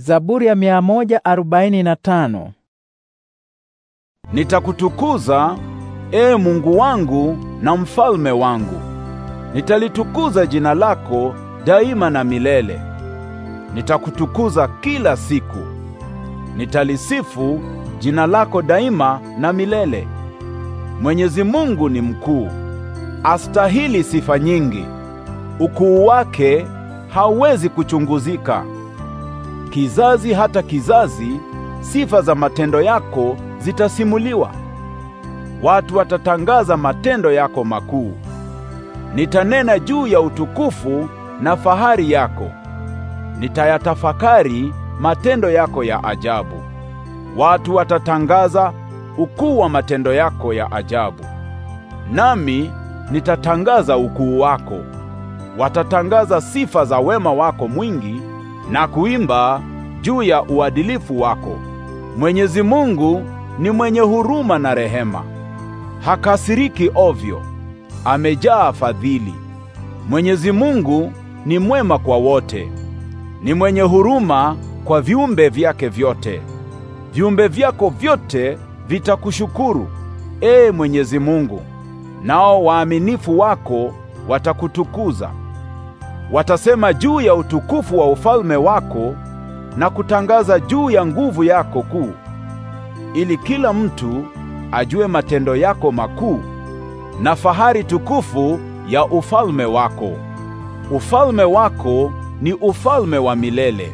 Zaburi ya 145. Nitakutukuza e Mungu wangu na mfalme wangu. Nitalitukuza jina lako daima na milele. Nitakutukuza kila siku. Nitalisifu jina lako daima na milele. Mwenyezi Mungu ni mkuu. Astahili sifa nyingi. Ukuu wake hauwezi kuchunguzika kizazi hata kizazi, sifa za matendo yako zitasimuliwa. Watu watatangaza matendo yako makuu. Nitanena juu ya utukufu na fahari yako, nitayatafakari matendo yako ya ajabu. Watu watatangaza ukuu wa matendo yako ya ajabu, nami nitatangaza ukuu wako. Watatangaza sifa za wema wako mwingi na kuimba juu ya uadilifu wako. Mwenyezi Mungu ni mwenye huruma na rehema, hakasiriki ovyo, amejaa fadhili. Mwenyezi Mungu ni mwema kwa wote, ni mwenye huruma kwa viumbe vyake vyote. Viumbe vyako vyote vitakushukuru, ee Mwenyezi Mungu, nao waaminifu wako watakutukuza. Watasema juu ya utukufu wa ufalme wako na kutangaza juu ya nguvu yako kuu, ili kila mtu ajue matendo yako makuu na fahari tukufu ya ufalme wako. Ufalme wako ni ufalme wa milele,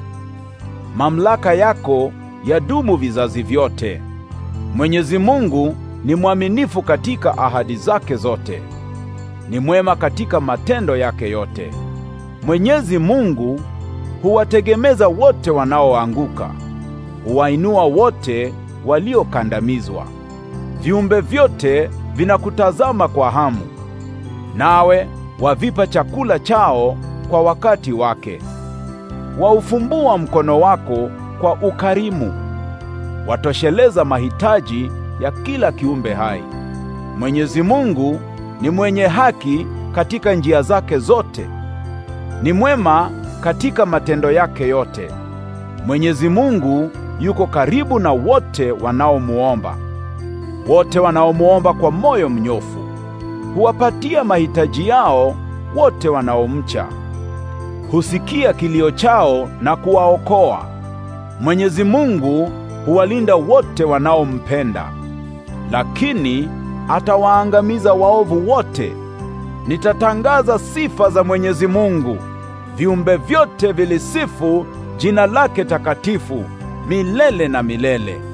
mamlaka yako yadumu vizazi vyote. Mwenyezi Mungu ni mwaminifu katika ahadi zake zote, ni mwema katika matendo yake yote. Mwenyezi Mungu huwategemeza wote wanaoanguka, huwainua wote waliokandamizwa. Viumbe vyote vinakutazama kwa hamu, nawe wavipa chakula chao kwa wakati wake. Waufumbua mkono wako kwa ukarimu, watosheleza mahitaji ya kila kiumbe hai. Mwenyezi Mungu ni mwenye haki katika njia zake zote. Ni mwema katika matendo yake yote. Mwenyezi Mungu yuko karibu na wote wanaomuomba. Wote wanaomuomba kwa moyo mnyofu. Huwapatia mahitaji yao wote wanaomcha. Husikia kilio chao na kuwaokoa. Mwenyezi Mungu huwalinda wote wanaompenda. Lakini atawaangamiza waovu wote nitatangaza sifa za Mwenyezi Mungu. Viumbe vyote vilisifu jina lake takatifu milele na milele.